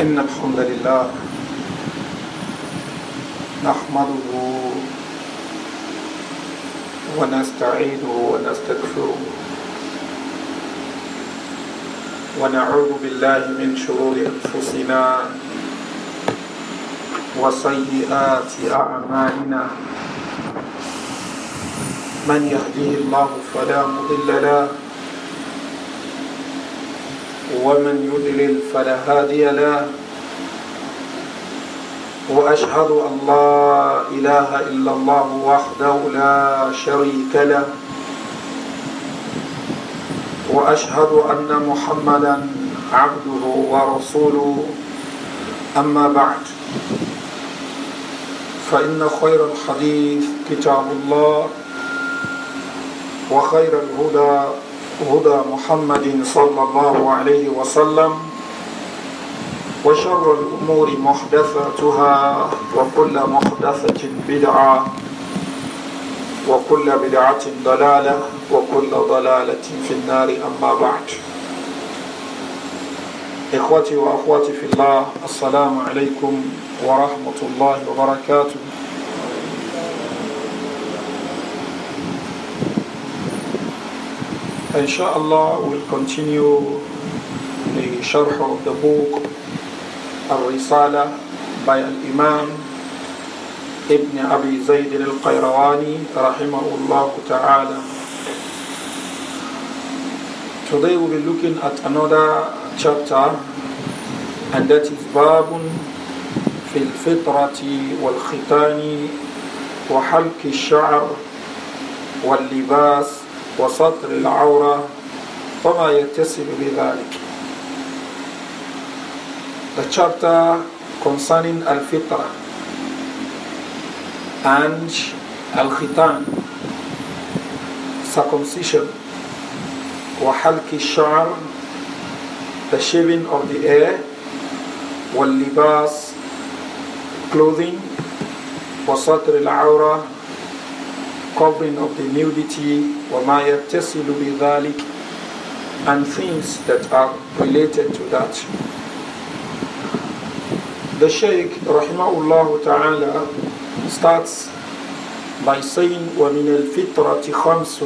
إن الحمد لله نحمده ونستعينه ونستغفره ونعوذ بالله من شرور أنفسنا وسيئات أعمالنا من يهديه الله فلا مضل له ومن يدلل فلا هادي له وأشهد أن لا إله إلا الله وحده لا شريك له وأشهد أن محمدا عبده ورسوله أما بعد فإن خير الحديث كتاب الله وخير الهدى هدى محمد صلى الله عليه وسلم وشر الأمور محدثاتها وكل محدثة بدعة وكل بدعة ضلالة وكل ضلالة في النار أما بعد إخوتي وأخواتي في الله السلام عليكم ورحمة الله وبركاته Inshallah, we'll continue the sharh of the book Al-Risala by Al-Imam Ibn Abi Zayd Al-Qayrawani rahimahullah ta'ala. Today we'll be looking at another chapter and that is Babun في الفطرة والختان وحلق الشعر واللباس وستر العورة وما يتصل بذلك The chapter concerning الفطرة and الختان circumcision وحلق الشعر the shaving of the hair واللباس clothing وستر العورة covering of the nudity, وَمَا يَتَّصِلُ بِذَلِكَ and things that are related to that. The Shaykh, rahimahullah ta'ala, starts by saying, وَمِنَ الْفِطْرَةِ خَمْسٌ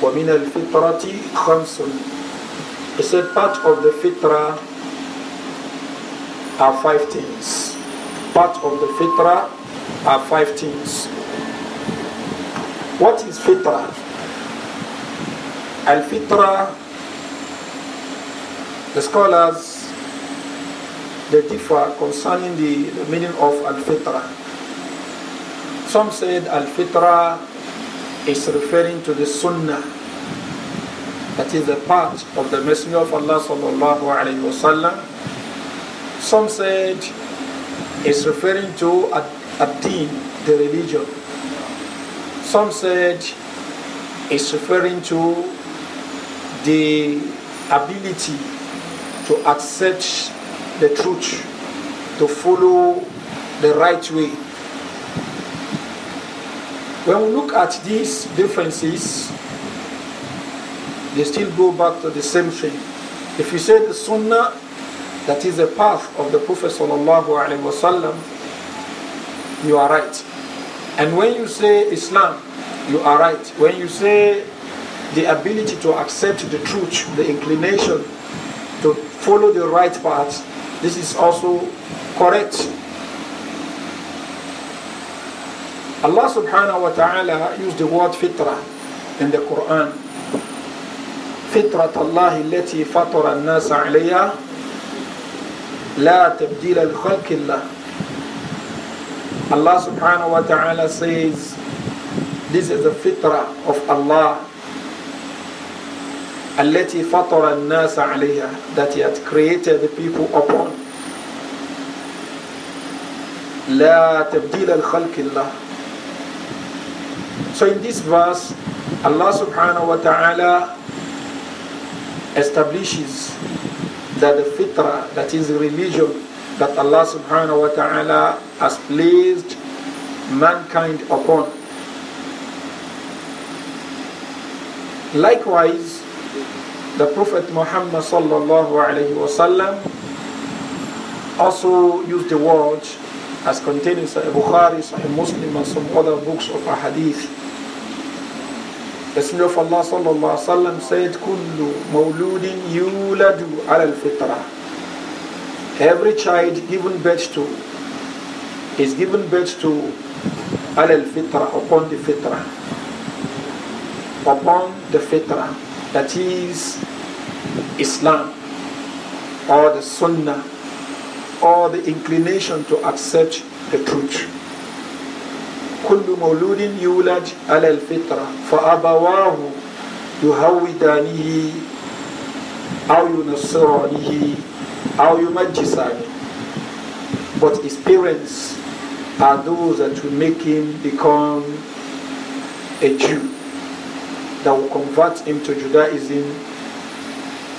وَمِنَ الْفِطْرَةِ خَمْسٌ He said part of the fitra are five things. Part of the fitra are five things. What is fitra? Al fitra, the scholars they differ concerning the, the meaning of al fitra. Some said al fitra is referring to the sunnah, that is the part of the Messenger of Allah sallallahu alaihi wasallam. Some said it's referring to a team, the religion. Some said it's referring to the ability to accept the truth, to follow the right way. When we look at these differences, they still go back to the same thing. If you say the Sunnah, that is the path of the Prophet sallallahu alaihi wasallam, you are right. And when you say Islam, you are right. When you say the ability to accept the truth, the inclination to follow the right path, this is also correct. Allah subhanahu wa ta'ala used the word fitra in the Quran. فطرة الله التي فطر الناس عليها لا تبديل لخلق الله Allah subhanahu wa ta'ala says, This is the fitrah of Allah. التي فطر الناس عليها that he had created the people upon لا تبديل الخلق الله so in this verse Allah subhanahu wa ta'ala establishes that the fitrah that is religion that Allah subhanahu wa ta'ala has placed mankind upon. Likewise, the Prophet Muhammad sallallahu alaihi wasallam also used the word as contained in Sahih Bukhari, Sahih Muslim, and some other books of Hadith. The Messenger of Allah sallallahu alaihi wasallam said, "Kullu mauludin yuladu al every child given birth to is given birth to al fitra upon the fitra upon the fitra that is islam or the sunnah or the inclination to accept the truth كل مولود يولد على الفطرة فأبواه يهودانه أو ينصرانه how you might decide, but his parents are those that will make him become a Jew that will convert him to Judaism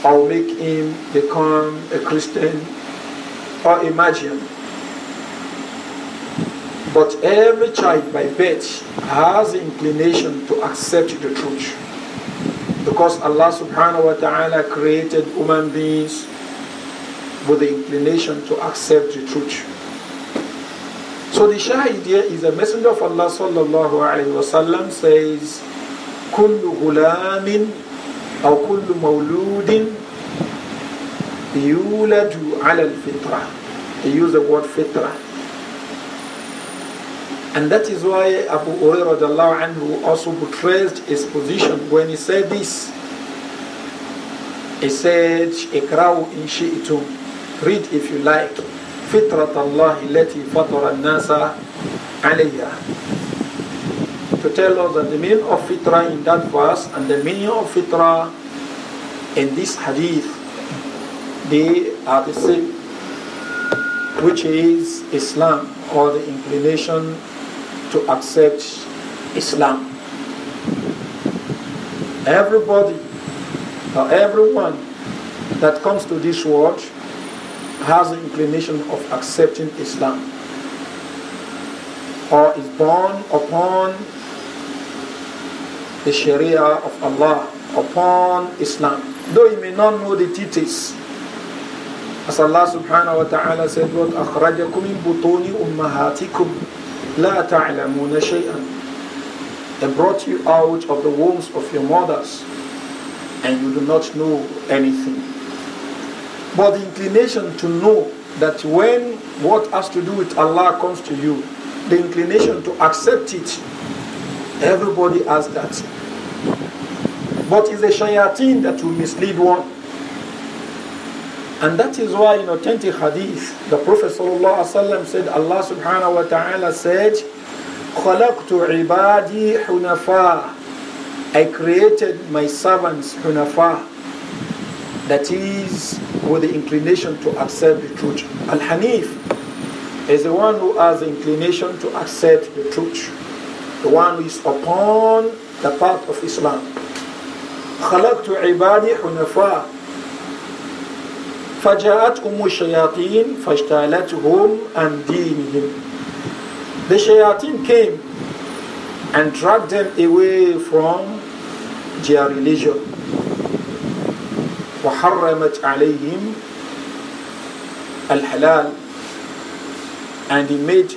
or make him become a Christian or a Magian. But every child by birth has the inclination to accept the truth. Because Allah subhanahu wa ta'ala created human beings with the inclination to accept the truth. So the shahid here is a Messenger of Allah sallallahu alayhi wa sallam says, كل غلام أو كل مولود يولد على الفطرة. He used the word fitra. And that is why Abu Hurairah anhu also betrayed his position when he said this. He said, اقرأوا إن شئتم Read if you like. Fitrat اللَّهِ الَّتِي فَطَرَ Nasa عَلَيْهَا To tell us that the meaning of fitra in that verse and the meaning of fitra in this hadith, they are the same, which is Islam or the inclination to accept Islam. Everybody or everyone that comes to this world has the inclination of accepting Islam or is born upon the Sharia of Allah, upon Islam. Though he may not know the details, as Allah subhanahu wa ta'ala said, What akhrajakum in butoni ummahatikum la ta'lamuna shay'an. They brought you out of the wombs of your mothers and you do not know anything. But the inclination to know that when what has to do with Allah comes to you, the inclination to accept it, everybody has that. But it's a shayateen that will mislead one. And that is why in authentic hadith, the Prophet said, Allah subhanahu wa ta'ala said, خَلَقْتُ عِبَادِي حُنَفَاءَ I created my servants hunafa that is with the inclination to accept the truth. Al Hanif is the one who has the inclination to accept the truth, the one who is upon the path of Islam. خلقت عبادي حنفاء فجاءتهم الشياطين فاجتالتهم عن دينهم The shayateen came and dragged them away from their religion. وحرمت عليهم الحلال and he made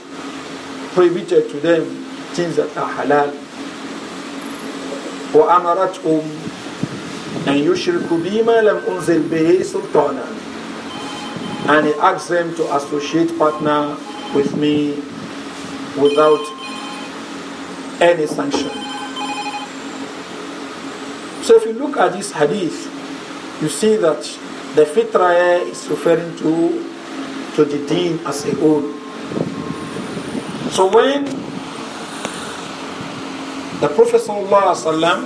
prohibited to them things that are halal وأمرتهم أن يشركوا بما لم أنزل به سلطانا and he asked them to associate partner with me without any sanction so if you look at this hadith you see that the fitra is referring to to the deen as a whole. So when the Prophet ﷺ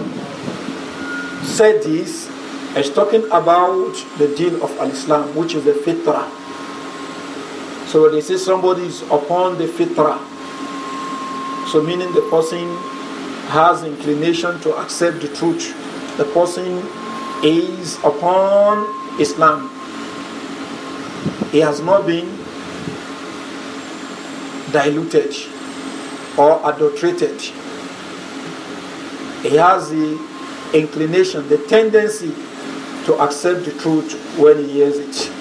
said this, he's talking about the deen of Al-Islam, which is the fitra. So when they say somebody is upon the fitra, so meaning the person has inclination to accept the truth. The person is upon Islam. He has not been diluted or adulterated. He has the inclination, the tendency to accept the truth when he hears it.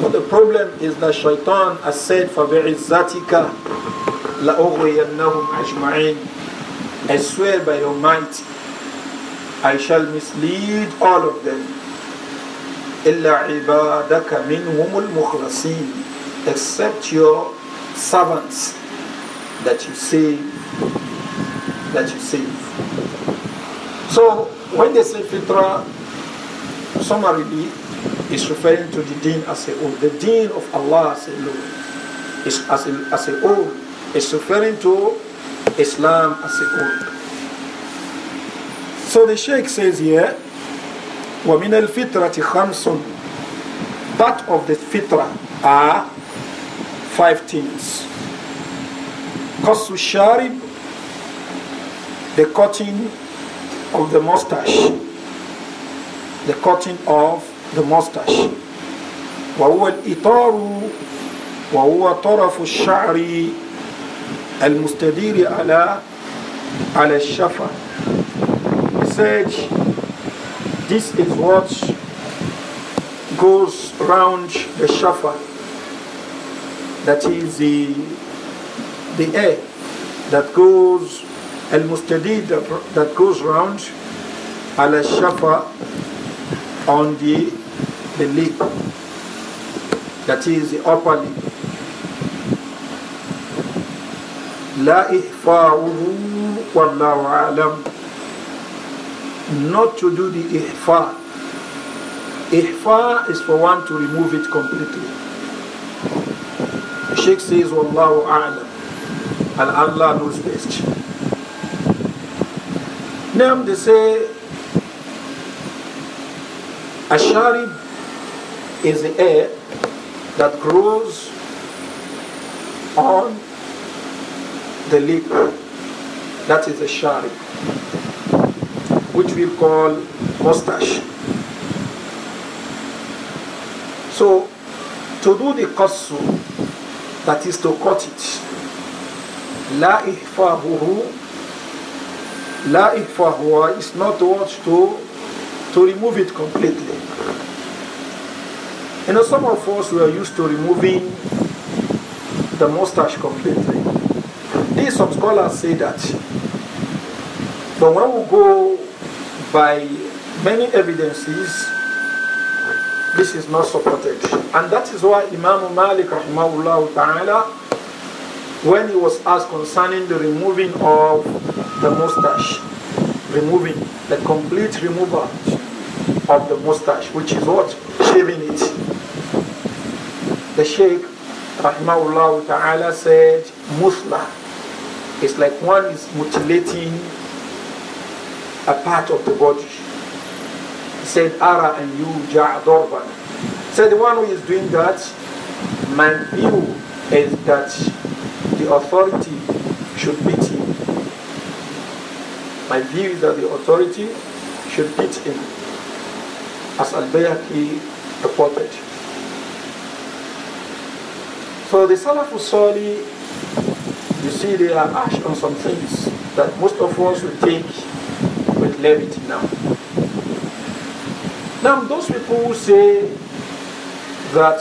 But the problem is that Shaitan has said, "For فَبِعِزَّتِكَ لَأُغْوِيَنَّهُمْ أَجْمَعِينَ I swear by your might, I shall mislead all of them. إِلَّا عِبَادَكَ مِنْهُمُ الْمُخْلَصِينَ Except your servants that you save, that you save. So when they say fitra, summarily, is referring to the deen as a whole. The deen of Allah as a whole. Is as a, as a whole. It's referring to Islam as a whole. So the Sheikh says here, وَمِنَ الْفِطْرَةِ خَمْسٌ Part of the fitra are five things. قَصُّ الشَّارِبِ The cutting of the mustache. The cutting of the mustache. وهو الإطار وهو طرف الشعر المستدير على على shafa said, this is what goes round the shafa, that is the, the air that goes, al-mustadid that goes round al-shafa on the, the lip, that is the upper lip. لا إخفاؤه والله أعلم not to do the ihfa. Ihfa is for one to remove it completely. The Sheikh says, Wallahu A'lam. And Allah knows best. Now they say, Asharib is the air that grows on the lip. That is a sharib which we call mustache. So to do the qassu, that is to cut it, لا إحفاهه لا إحفاهه is not what to, to remove it completely. You know, some of us were used to removing the mustache completely. These some scholars say that. But when we go by many evidences, this is not supported. And that is why Imam Malik ta'ala, when he was asked concerning the removing of the mustache, removing, the complete removal of the mustache, which is what? Shaving it. The Sheikh rahimahullah ta'ala said, musla. It's like one is mutilating a part of the body. He said, Ara and you ja'dorban. So the one who is doing that, my view is that the authority should beat him. My view is that the authority should beat him. As Al-Bayhaqi reported. So the Salafus Sali, you see they are ash on some things that most of us will take levy now. Now, those people who say that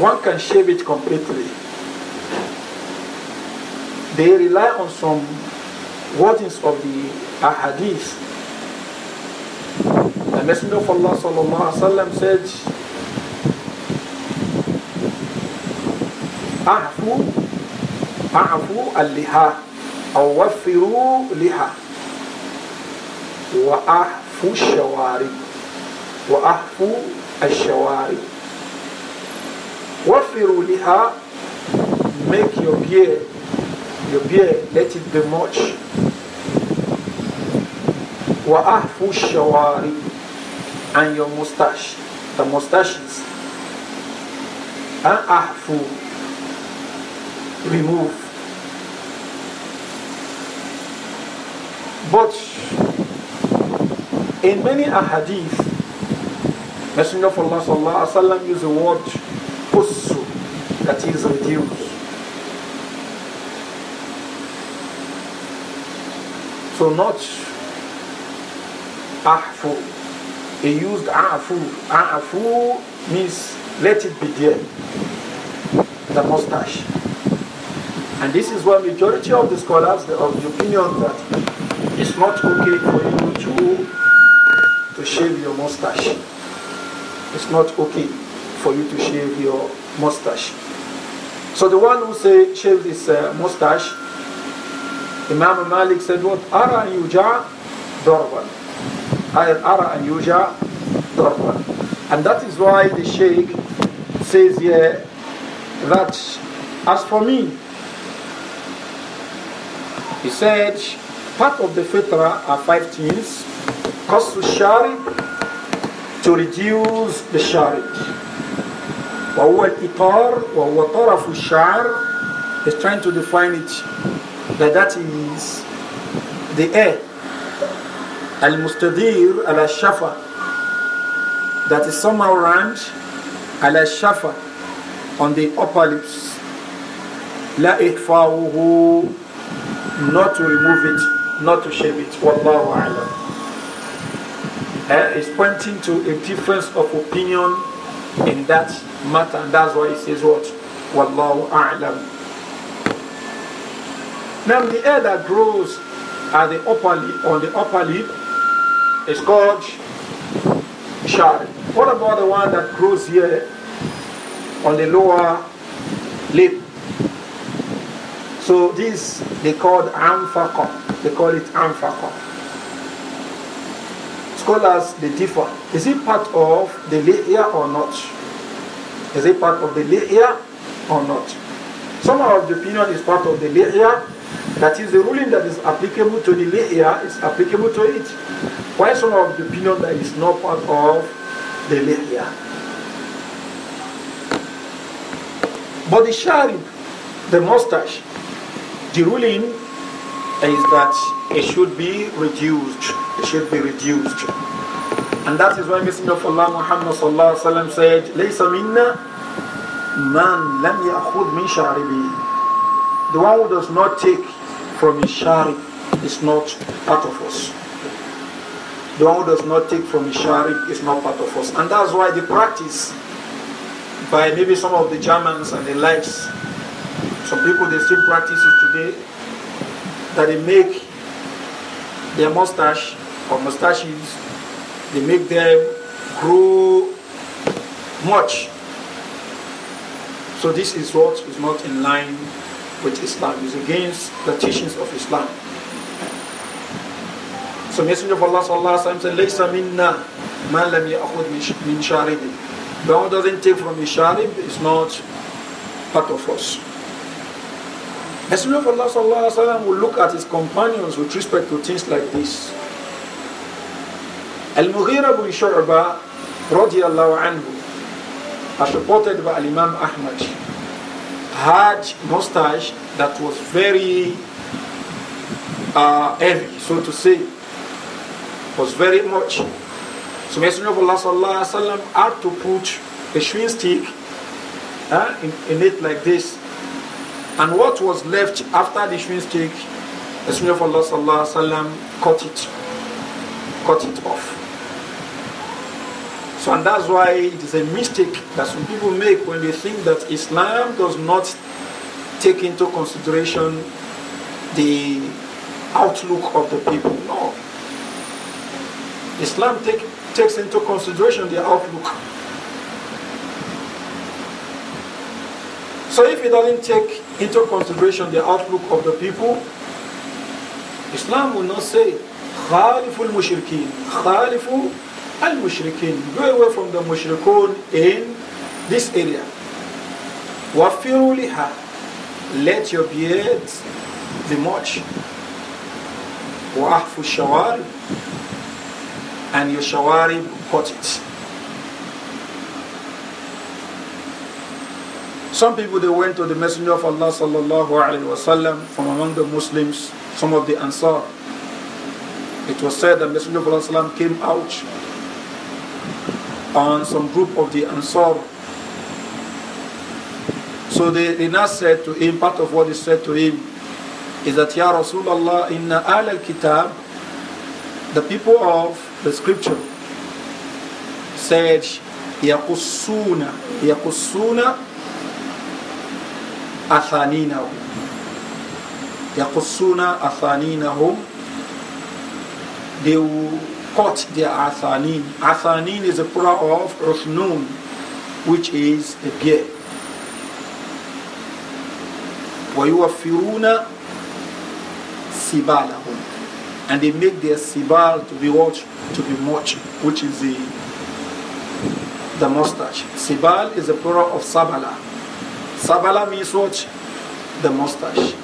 one can shave it completely, they rely on some wordings of the ahadith. The Messenger of Allah sallallahu alaihi wasallam said, "Ahfu, ahfu al-liha, awfiru liha." وأحفو الشوارب وأحفو الشوارب وفروا لها make your beer your beer let it be much وأحفو الشوارب and your mustache the mustaches and أحفو remove but In many ahadith, Messenger of Allah sallallahu alaihi wasallam used the word pussu, that is reduced. So not ahfu. He used "ahfu." "Ahfu" means let it be there. The mustache. And this is why majority of the scholars are of the opinion that it's not okay for you to to shave your mustache. It's not okay for you to shave your mustache. So the one who say shave his uh, mustache, Imam Malik said, "What ara an yuja darban, ara an yuja darban," and that is why the Sheikh says here yeah, that as for me, he said, part of the fitra are five things قص الشارب to reduce the شارب وهو الإطار وهو طرف الشعر is trying to define it that that is the air المستدير على الشفا that is somehow round على الشفا on the upper lips لا إخفاؤه not to remove it not to shave it والله أعلم uh, is pointing to a difference of opinion in that matter. And that's why he says what? Wallahu a'lam. Now the hair that grows at the upper lip, on the upper lip is called shad. What about the one that grows here on the lower lip? So this they called amfaqa. They call it amfaqa scholars they differ. Is it part of the layer or not? Is it part of the layer or not? Some of the opinion is part of the layer. That is the ruling that is applicable to the layer is applicable to it. Why some of the opinion that is not part of the layer? But the sharing, the mustache, the ruling is that it should be reduced. It should be reduced. And that is why Messenger of Allah Muhammad sallallahu alaihi wasallam said, "Laysa minna man lam ya'khud min sharibi." The one who does not take from his sharib is not part of us. The one who does not take from his sharib is not part of us. And that's why the practice by maybe some of the Germans and the likes, some people they still practice it today that they make their mustache or mustaches, they make them grow much. So this is what is not in line with Islam. It's against the teachings of Islam. So Messenger of Allah sallallahu alaihi wasallam said, "Laysa minna man lam ya'khud min sharib." The one doesn't take from his sharib is not part of us. Messenger of Allah sallallahu alaihi wasallam will look at his companions with respect to things like this. Al-Mughira bin Shu'ba radiallahu anhu, as reported by Imam Ahmad, had mustache that was very uh, heavy, so to say, was very much. So Messenger of Allah sallallahu alaihi wasallam had to put a chewing stick uh, in, in it like this and what was left after the shrimp cake, the Messenger of Allah sallallahu alaihi wasallam cut it, cut it off. So and that's why it is a mistake that some people make when they think that Islam does not take into consideration the outlook of the people. No. Islam take, takes into consideration the outlook. So if it doesn't take into consideration the outlook of the people, Islam will not say, Khaliful Mushrikeen, Khalifu al Mushrikeen, go away from the Mushrikun in this area. Wafiru liha, let your beard be much. Wa'afu shawari, and your shawari cut it. Some people they went to the Messenger of Allah sallallahu alaihi wasallam from among the Muslims, some of the Ansar. It was said that Messenger of Allah sallam, came out on some group of the Ansar. So they, they now said to him, part of what said to him is that Ya Rasulullah in al kitab the people of the scripture said yaqussuna yaqussuna Athaninahum. they will cut their athanin athanin is a plural of usnun which is a beard ويوفرون sibalahum, and they make their sibal to be what to be much which is the the mustache sibal is a plural of sabalah. Sabala means what? The mustache.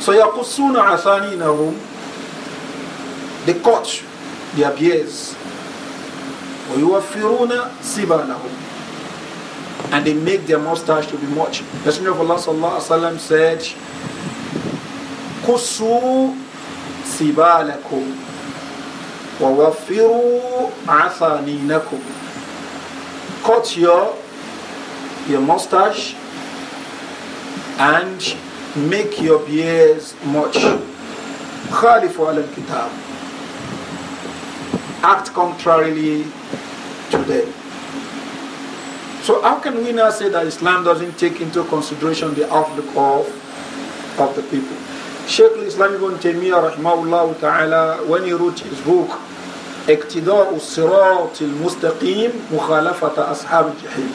So yakusuna athani in a room. They cut their beards. وَيُوَفِّرُونَ سِبَالَهُمْ And they make their mustache to be much. The Messenger of Allah sallallahu alaihi wasallam said, كُسُّوا سِبَالَكُمْ وَوَفِّرُوا عَثَانِينَكُمْ Cut your, your mustache and make your beers much. خالف al Kitab. Act contrarily to them. So how can we now say that Islam doesn't take into consideration the outlook of, of the people? Sheikh al-Islam ibn Taymiyyah rahimahullah ta'ala when he wrote his book اقتداء الصراط mustaqim مخالفة أصحاب الجحيم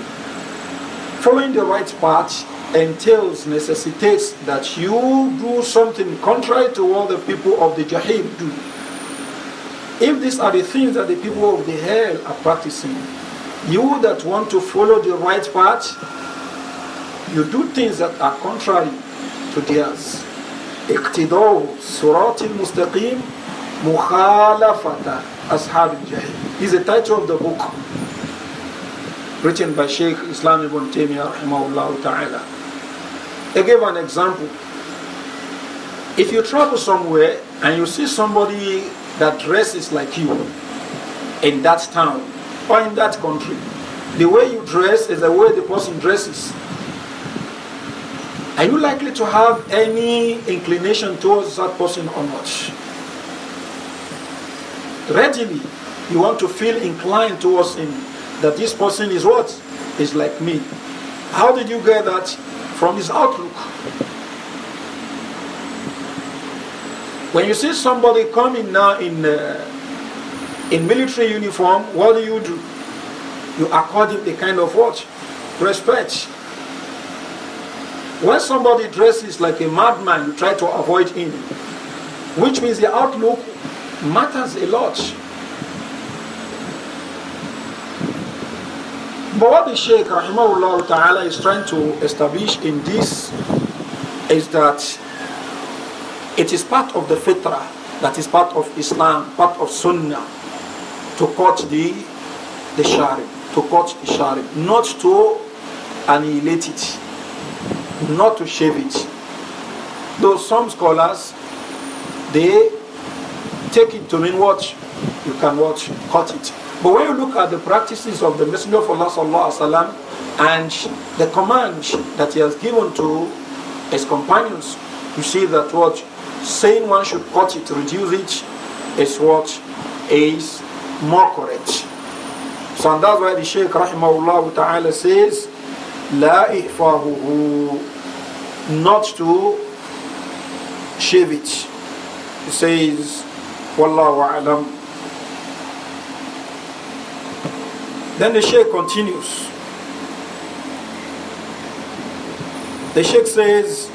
Following the right path entails, necessitates that you do something contrary to what the people of the Jahim do. If these are the things that the people of the hell are practicing, you that want to follow the right path, you do things that are contrary to theirs. اقتداء صراط المستقيم مخالفة أصحاب الجحيم is the title of the book written by Sheikh Islam ibn Taymiyyah rahimahullah ta'ala. They gave an example. If you travel somewhere and you see somebody that dresses like you in that town or in that country, the way you dress is the way the person dresses. Are you likely to have any inclination towards that person or not? Readily, you want to feel inclined towards him that this person is what? Is like me. How did you get that? from his outlook. When you see somebody coming now in, uh, in military uniform, what do you do? You accord him the kind of what? Respect. When somebody dresses like a madman, you try to avoid him, which means the outlook matters a lot. But what the Shaykh Rahimahullah Ta'ala is trying to establish in this is that it is part of the fitrah, that is part of Islam, part of Sunnah, to cut the, the shari, to cut the shari, not to annihilate it, not to shave it. Though some scholars, they take it to mean what? You can watch, cut it. But when you look at the practices of the Messenger of Allah sallallahu and the command that he has given to his companions, you see that what saying one should cut it, reduce it, is what is more correct. So and that's why the Shaykh rahimahullah ta'ala says, La ihfahuhu, not to shave it. He says, Wallahu alam, Then the Sheikh continues. The Sheikh says,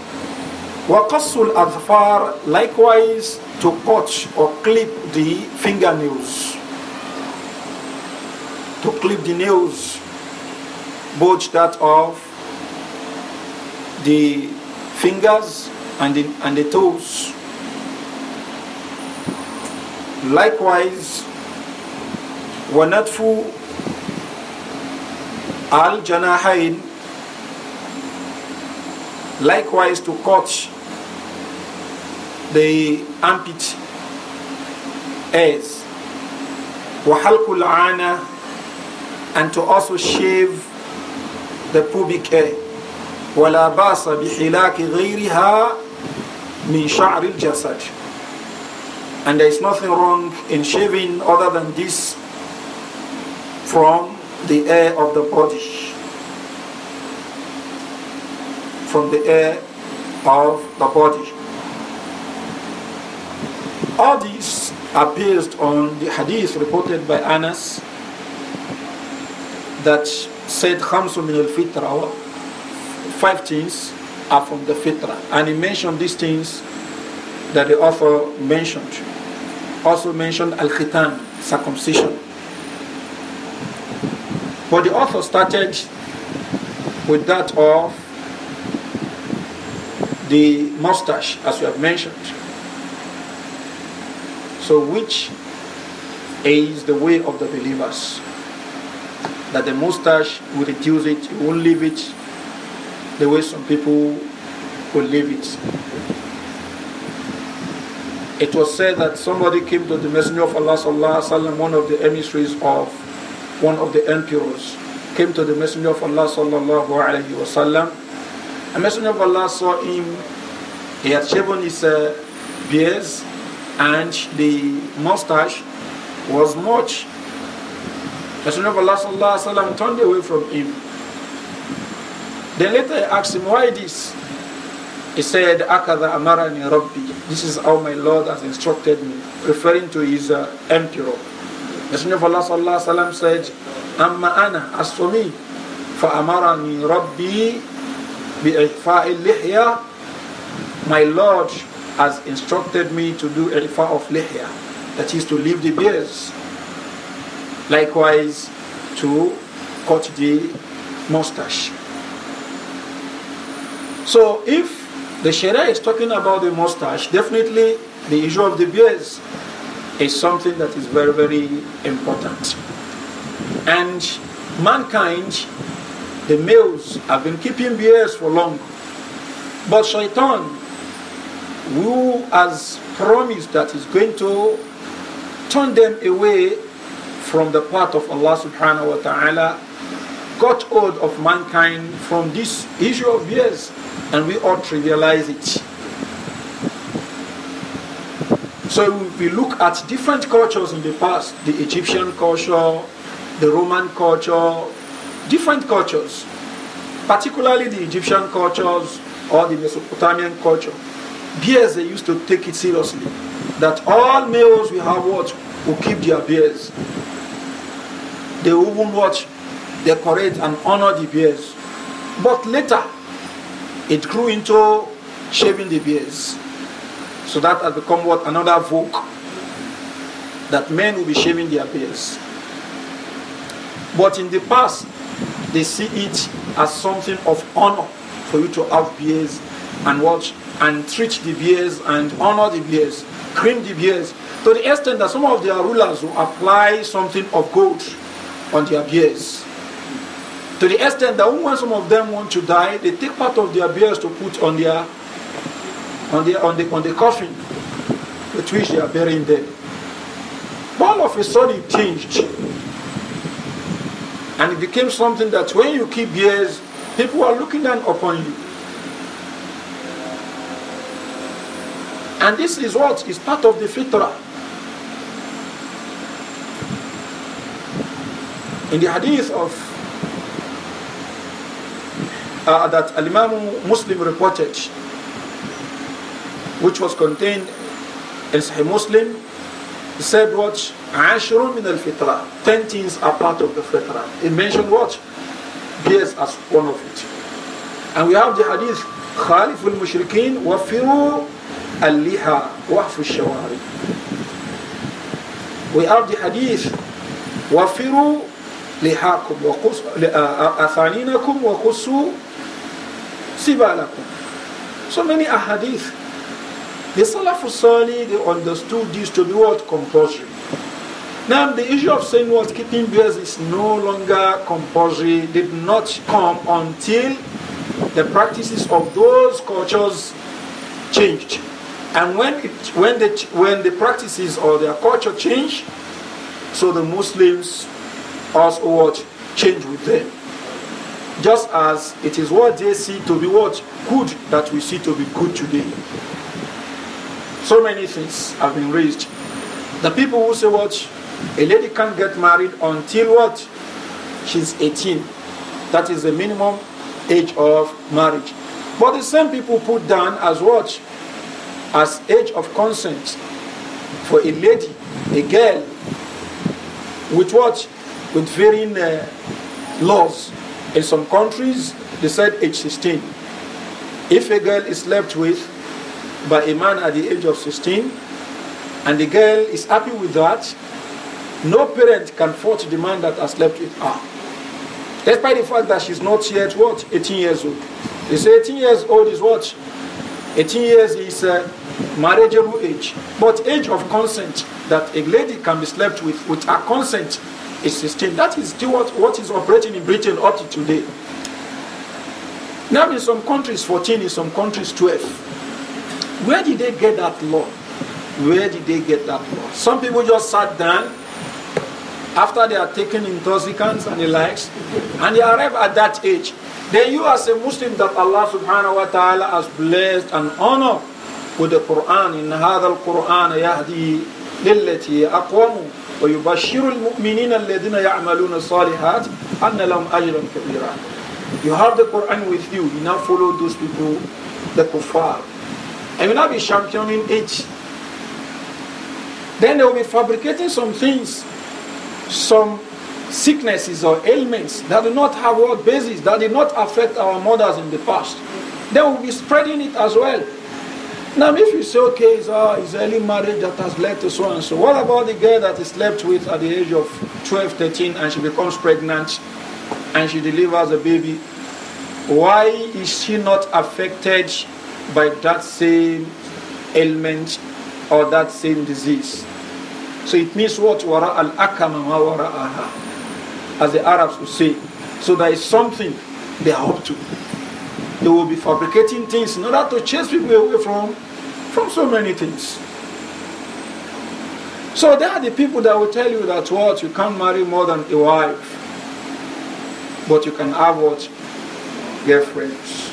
Waqasul الْأَظْفَارِ Likewise, to cut or clip the fingernails. To clip the nails, both that of the fingers and the, and the toes. Likewise, وَنَتْفُ al janahain likewise to cut the armpit hairs وحلق ana, and to also shave the pubic hair ولا باس بحلاك غيرها من شعر الجسد and there is nothing wrong in shaving other than this from the air of the body from the air of the body. All these are based on the hadith reported by Anas that said Khamsu min al-fitra, five things are from the fitra. And he mentioned these things that the author mentioned. Also mentioned al-khitan, circumcision. But the author started with that of the mustache, as we have mentioned. So, which is the way of the believers? That the mustache will reduce it, you won't leave it the way some people will leave it. It was said that somebody came to the Messenger of Allah, one of the emissaries of one of the emperors, came to the Messenger of Allah sallallahu alayhi wasallam. The Messenger of Allah saw him. He had shaven his uh, beard and the mustache was much. The Messenger of Allah sallallahu alayhi turned away from him. Then later I asked him, why this? He said, Akada amarani rabbi. This is how my Lord has instructed me, referring to his uh, emperor. Messenger of Allah sallallahu alaihi wasallam said, "Amma ana as for me, فأمرني ربي بإعفاء lihya." My Lord has instructed me to do إعفاء of lihya, that is to leave the beards. Likewise, to cut the mustache. So if the Sharia is talking about the mustache, definitely the issue of the beards is something that is very, very important. And mankind, the males, have been keeping bears for long. But Shaitan, who has promised that he's going to turn them away from the path of Allah subhanahu wa ta'ala, got hold of mankind from this issue of bears, and we all trivialize it. So we look at different cultures in the past, the Egyptian culture, the Roman culture, different cultures, particularly the Egyptian cultures or the Mesopotamian culture, bears they used to take it seriously. That all males we have what? Will keep their beards. They even watch, decorate and honor the beards. But later, it grew into shaving the beards. So that has become what another vogue that men will be shaving their beards. But in the past, they see it as something of honor for you to have beards and watch and treat the beards and honor the beards, cream the beards, to the extent that some of their rulers will apply something of gold on their beards. To the extent that when some of them want to die, they take part of their beards to put on their on the, on the, on the coffin with which they are burying them. All of a sudden it changed. And it became something that when you keep years, people are looking down upon you. And this is what is part of the fitrah. In the hadith of uh, that Al-Imam Muslim reported, which was contained as a Muslim, he said what? Ashurun min al-fitra. Ten things are part of the fitra. He mentioned what? Bears as one of it. And we have the hadith, Khalif al-mushrikeen wafiru al-liha wahfu shawari. We have the hadith, "Wa wafiru lihakum wa uh, uh, athaninakum wa qusu sibalakum. So many ahadith the Salaf Salih, they understood this to be what? Compulsory. Now, the issue of saying what keeping bears is no longer compulsory did not come until the practices of those cultures changed. And when, it, when, the, when the practices or their culture changed, so the Muslims also what? Change with them. Just as it is what they see to be what? Good that we see to be good today. So many things have been raised. The people who say what? A lady can't get married until what? She's 18. That is the minimum age of marriage. But the same people put down as what? As age of consent for a lady, a girl, with what? With varying uh, laws. In some countries, they said age 16. If a girl is left with by a man at the age of 16 and the girl is happy with that, no parent can fault the man that has slept with her. Despite the fact that she's not yet what? 18 years old. They say 18 years old is what? 18 years is a uh, marriageable age. But age of consent, that a lady can be slept with with her consent, is 16. That is still what, what is operating in Britain up to today. Now in some countries 14, in some countries 12. Where did they get that law? Where did they get that law? Some people just sat down after they are taken intoxicants and the likes, and they arrive at that age. Then you as a Muslim that Allah subhanahu wa ta'ala has blessed and honored with the Quran. In هذا القرآن يهدي للتي أقوم ويبشر المؤمنين الذين يعملون الصالحات أن لهم أجرا كبيرا. You have the Quran with you, you now follow those people, the kuffar and will not be championing it. Then they will be fabricating some things, some sicknesses or ailments that do not have world basis, that did not affect our mothers in the past. They will be spreading it as well. Now, if you say, okay, it's, uh, it's early marriage that has led to so and so, what about the girl that is slept with at the age of 12, 13, and she becomes pregnant and she delivers a baby? Why is she not affected by that same ailment or that same disease. So it means what? Wara al akam wara aha, as the Arabs would say. So there is something they are up to. They will be fabricating things in order to chase people away from, from so many things. So there are the people that will tell you that what you can't marry more than a wife, but you can have what girlfriends.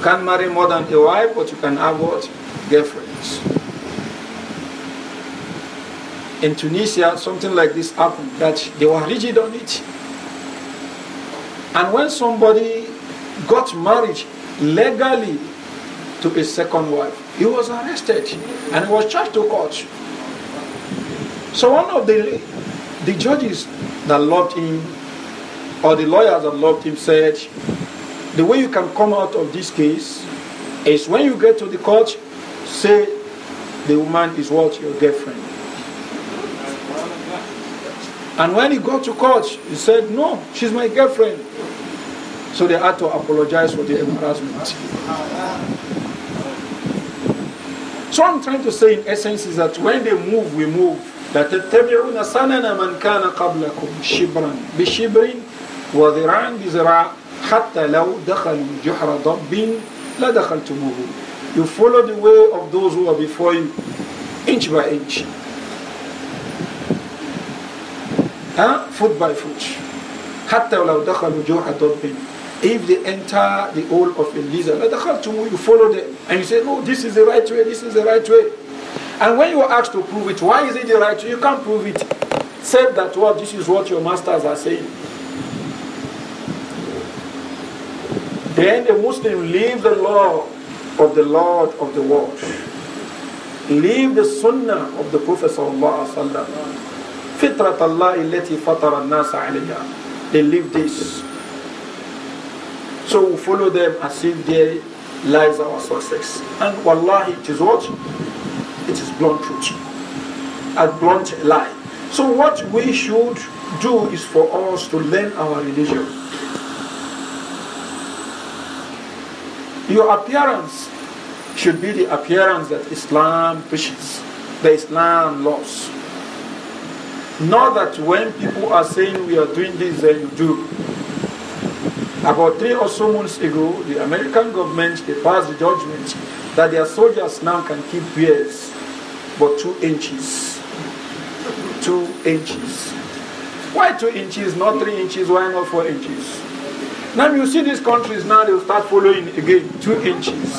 You can't marry more than a wife, but you can have what? Girlfriends. In Tunisia, something like this happened that they were rigid on it. And when somebody got married legally to his second wife, he was arrested and he was charged to court. So one of the, the judges that loved him, or the lawyers that loved him, said, the way you can come out of this case is when you get to the court, say the woman is what your girlfriend. And when he got to court, he said, No, she's my girlfriend. So they had to apologize for the embarrassment. So I'm trying to say in essence is that when they move, we move. That the سنن من كان قبلكم شبرا بشبر وذراعا بذراع حتى لو دخلوا جحر ضب لدخلتموه You follow the way of those who were before you, inch by inch. Huh? Foot by foot. حتى لو دخلوا جحر ضب If they enter the hole of a lizard, لدخلتموه, you follow them. And you say, no, this is the right way, this is the right way. And when you are asked to prove it, why is it the right way? You can't prove it. Said that what well, this is what your masters are saying. Then the Muslim leave the law of the Lord of the world. Leave the sunnah of the Prophet sallallahu Fitrat Allah illati fatara They leave this. So we follow them as if they lies our success. And wallahi, it is what? It is blunt truth. A blunt lie. So what we should do is for us to learn our religion. Your appearance should be the appearance that Islam preaches, the Islam laws. Not that when people are saying we are doing this, then you do. About three or so months ago, the American government they passed the judgment that their soldiers now can keep beards but two inches. Two inches. Why two inches, not three inches? Why not four inches? Now you see these countries now, they'll start following again, two inches.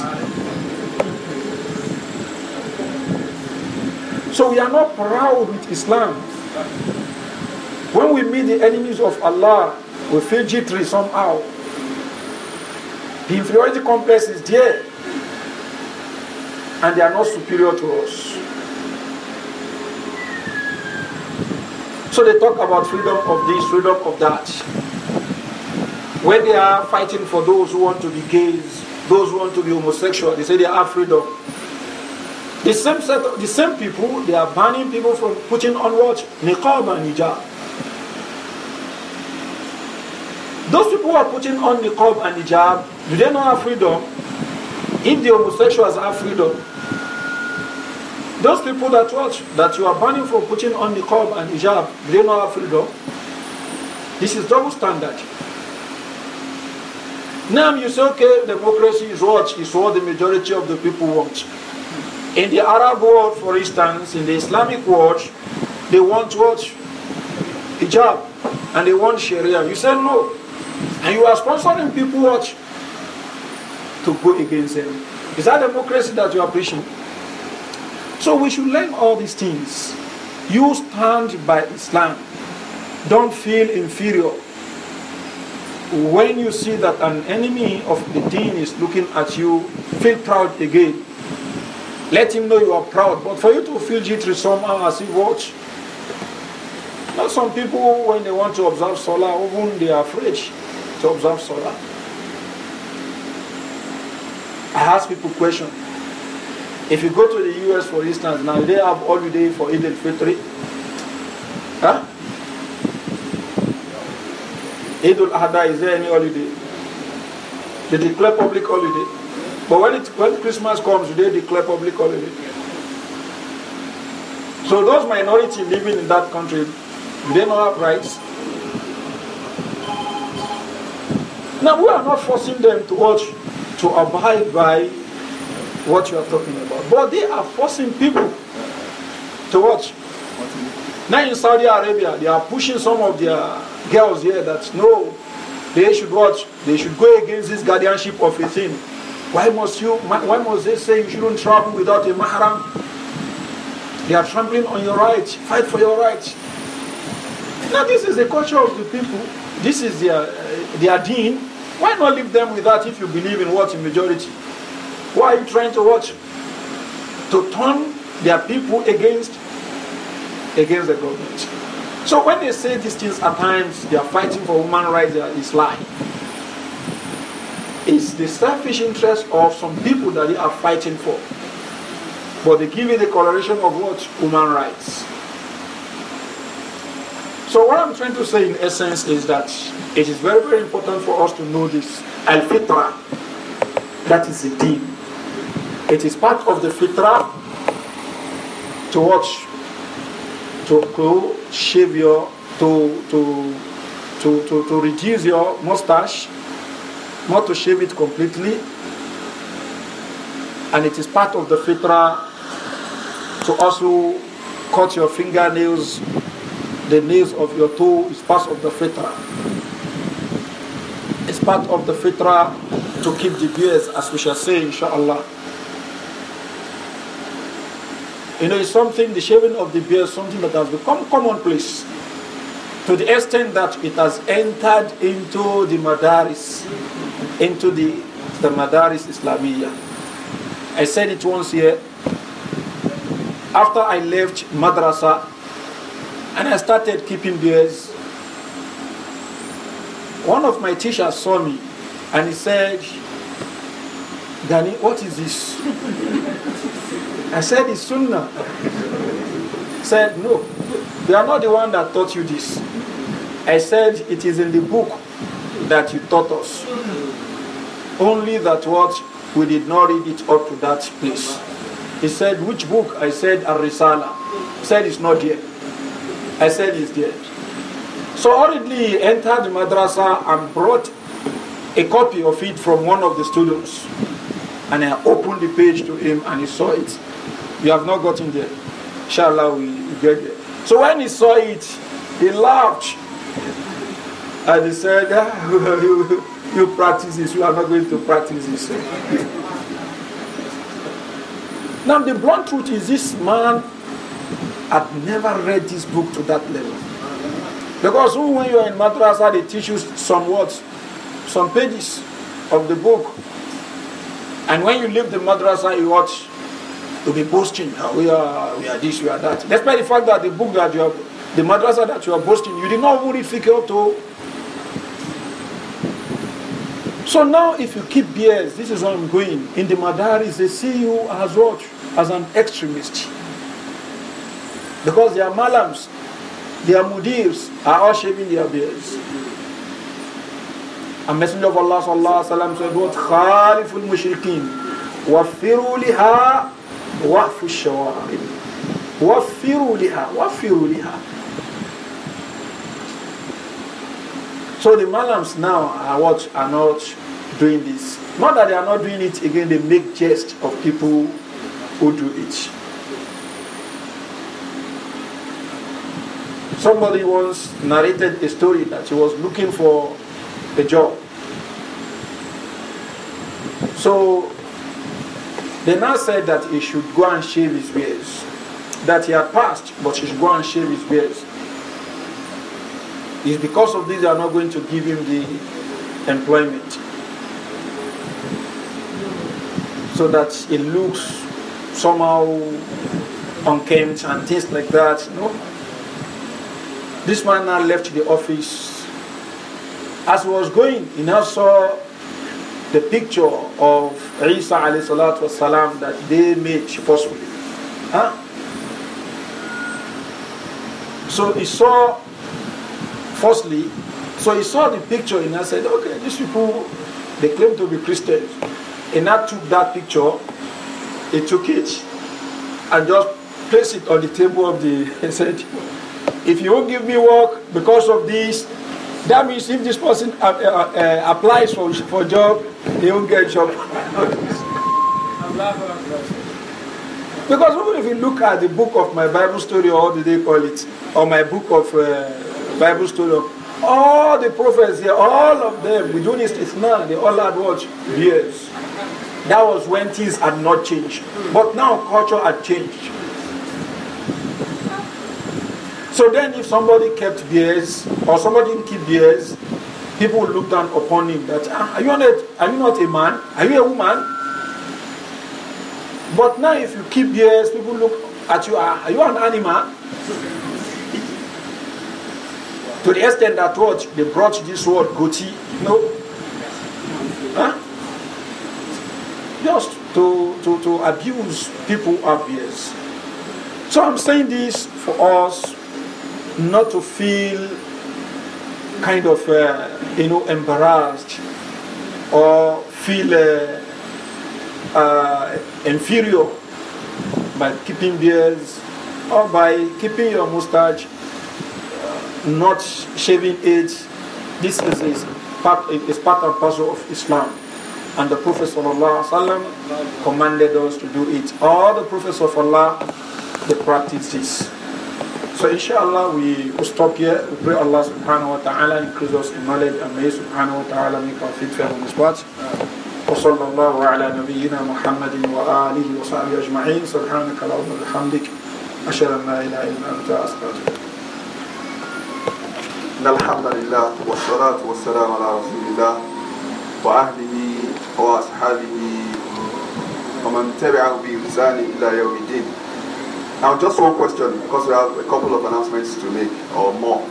So we are not proud with Islam. When we meet the enemies of Allah, we feel jittery somehow. The inferiority complex is there. And they are not superior to us. So they talk about freedom of this, freedom of that. When they are fighting for those who want to be gays, those who want to be homosexual, they say they are freedom. The same set of, the same people, they are banning people from putting on what? Niqab and hijab. Those people who are putting on niqab and hijab, do they not have freedom? If the homosexuals have freedom, those people that watch, that you are banning from putting on niqab and hijab, do they not have freedom? This is double standard. Now you say, okay, democracy is what is what the majority of the people want. In the Arab world, for instance, in the Islamic world, they want what? Hijab. And they want Sharia. You say no. And you are sponsoring people what? To go against them. Is that democracy that you are preaching? So we should learn all these things. You stand by Islam. Don't feel inferior when you see that an enemy of the deen is looking at you, feel proud again. Let him know you are proud. But for you to feel jittery somehow as you watch, now some people, when they want to observe solar, even they are afraid to observe solar. I ask people question. If you go to the US, for instance, now they have holiday for Eid al-Fitr. Huh? Eid al-Adha, is there any holiday? They declare public holiday. But when, it, when Christmas comes, they declare public holiday. So those minority living in that country, they don't have rights. Now we are not forcing them to watch, to abide by what you are talking about. But they are forcing people to watch. Now in Saudi Arabia, they are pushing some of their girls here that no, they should watch, they should go against this guardianship of a thing. Why must you, why must they say you shouldn't travel without a mahram? They are trampling on your rights. Fight for your rights. Now this is the culture of the people. This is their, uh, their deen. Why not leave them with that if you believe in what? In majority. Why are you trying to watch? To turn their people against, against the government. So when they say these things at times, they are fighting for human rights, it's lying. It's the selfish interest of some people that they are fighting for. But they give it the coloration of what? Human rights. So what I'm trying to say in essence is that it is very, very important for us to know this. Al-Fitra, that is the deed. It is part of the Fitra to watch, to, to shave your to to to to, to reduce your mustache, not to shave it completely, and it is part of the fitra to also cut your fingernails, the nails of your toe is part of the fitra. It's part of the fitra to keep the beard, as we shall say, inshallah. You know, it's something, the shaving of the beard, something that has become commonplace to the extent that it has entered into the madaris, into the, the madaris Islamia. I said it once here. After I left madrasa and I started keeping beards, one of my teachers saw me and he said, Danny, what is this? I said, it's Sunnah. said, no, they are not the one that taught you this. I said, it is in the book that you taught us. Only that what we did not read it up to that place. He said, which book? I said, Ar-Risala. said, it's not there. I said, it's there. So hurriedly he entered the madrasa and brought a copy of it from one of the students. and I opened the page to him and he saw it. You have not gotten there. Inshallah, we get there. So when he saw it, he laughed and he said, ah, You practice this, you are not going to practice this. now, the blunt truth is this man had never read this book to that level. Because when you are in madrasa, they teach you some words, some pages of the book And when you leave the madrasa, you watch, to be boasting, oh, we, are, we are this, we are that. Despite the fact that the book that you are, the madrasa that you are boasting, you did not read figure to. So now if you keep beers, this is I'm going. In the madaris, they see you as what? As an extremist. Because they are malams, their mudirs are all shaving their beards. A messenger of Allah sallallahu alaihi wasallam said, "What khaliful mushrikeen, wafiru liha, wafu shawarib, wafiru liha, wafiru liha." So the Malams now are what are not doing this. Not that they are not doing it again; they make jest of people who do it. Somebody once narrated a story that he was looking for the job. So the man said that he should go and shave his beard, that he had passed, but he should go and shave his beard. It's because of this they are not going to give him the employment. So that it looks somehow unkempt and things like that. no? This man now left the office as he was going, he now saw the picture of Isa salam that they made forcefully. Huh? So he saw, firstly, so he saw the picture and I said, okay, these people, they claim to be Christians. And I took that picture, he took it, and just placed it on the table of the, he said, if you won't give me work because of this, that means if this person uh, uh, uh, applies for, for job, he won't get job. because even if you look at the book of my Bible story, or what do they call it, or my book of uh, Bible story, all the prophets here, all of them, we do this, it's now, they all had what? years. That was when things had not changed. But now culture had changed. So then, if somebody kept beers or somebody didn't keep beers, people looked down upon him that ah, are you not are you not a man? Are you a woman? But now, if you keep beers, people look at you. Ah, are you an animal? to the extent that what they brought this word goatee, know, huh? Just to to to abuse people of beers. So I'm saying this for us not to feel kind of uh, you know embarrassed or feel uh, uh, inferior by keeping beards or by keeping your mustache uh, not shaving it this is, is part is part and parcel of Islam and the Prophet ﷺ commanded us to do it all the prophets of Allah they practice this So inshallah we will stop here. We pray Allah subhanahu wa ta'ala increase us in knowledge and may subhanahu wa ta'ala make our feet fair on this watch. وصلى الله على نبينا محمد وآله وصحبه أجمعين سبحانك اللهم وبحمدك أشهد أن لا إله إلا أنت أستغفرك إن الحمد لله والصلاة والسلام على رسول الله وأهله وأصحابه ومن تبعه بإحسان إلى يوم الدين Now, just one question because we have a couple of announcements to make or more.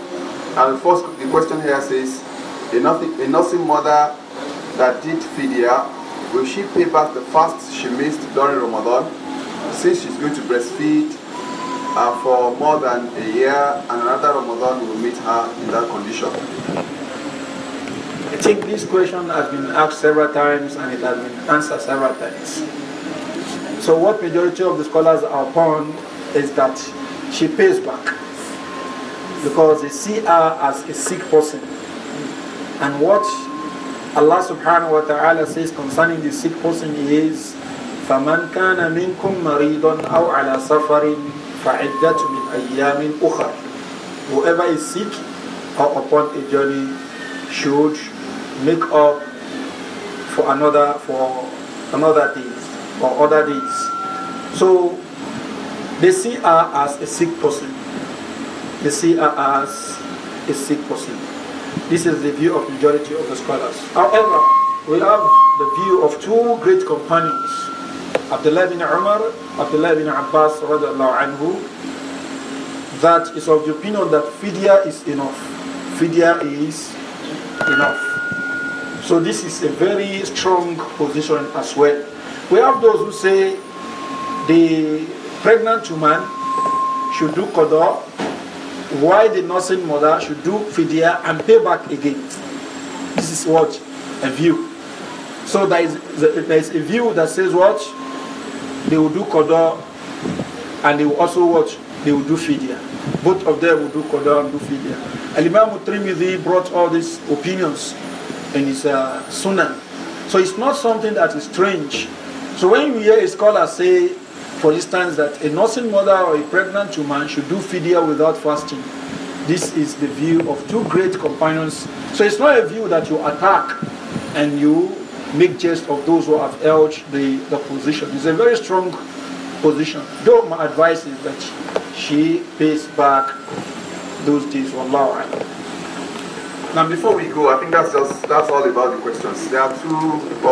And first, the question here says a nursing, a nursing mother that did fidya, will she pay back the fast she missed during Ramadan since she's going to breastfeed uh, for more than a year and another Ramadan will meet her in that condition? I think this question has been asked several times and it has been answered several times. So what majority of the scholars are upon is that she pays back because they see her as a sick person. And what Allah subhanahu wa ta'ala says concerning the sick person is فَمَنْ كَانَ مِنْكُمْ مَرِيضًا أَوْ عَلَى سَفَرٍ فَعِدَّةُ مِنْ أَيَّامٍ أُخَرٍ Whoever is sick or upon a journey should make up for another for another day or other days. So they see her as a sick person. They see her as a sick person. This is the view of majority of the scholars. However, we have the view of two great companions, Abdullah bin Umar, Abdullah bin Abbas anhu, that is of the opinion that fidya is enough. Fidya is enough. So this is a very strong position as well. We have those who say the pregnant woman should do qada Why the nursing mother should do fidya and pay back again this is what a view so there is, there is a view that says what they will do qada and they will also watch they will do fidya both of them will do qada and do fidya And imam al-tirmidhi brought all these opinions in his uh, sunan so it's not something that is strange so when you hear a scholar say for instance, that a nursing mother or a pregnant woman should do fidya without fasting. This is the view of two great companions. So it's not a view that you attack and you make jest of those who have held the, the position. It's a very strong position. Though my advice is that she pays back those deeds. for Laura. Now, before we go, I think that's just that's all about the questions. There are two.